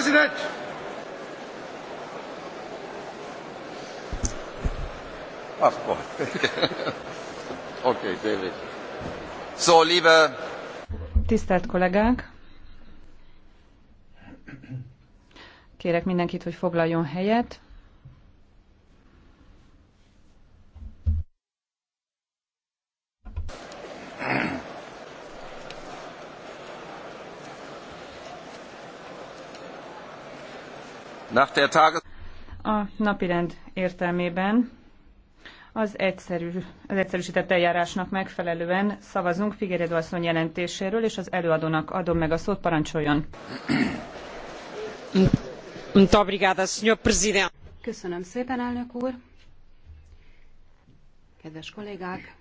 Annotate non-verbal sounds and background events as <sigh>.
President! <laughs> okay, David. So, liebe... Tisztelt kollégák! Kérek mindenkit, hogy foglaljon helyet. A napirend értelmében az, egyszerű, az egyszerűsített eljárásnak megfelelően szavazunk Figyeredő asszony jelentéséről, és az előadónak adom meg a szót, parancsoljon. Köszönöm szépen, elnök úr! Kedves kollégák!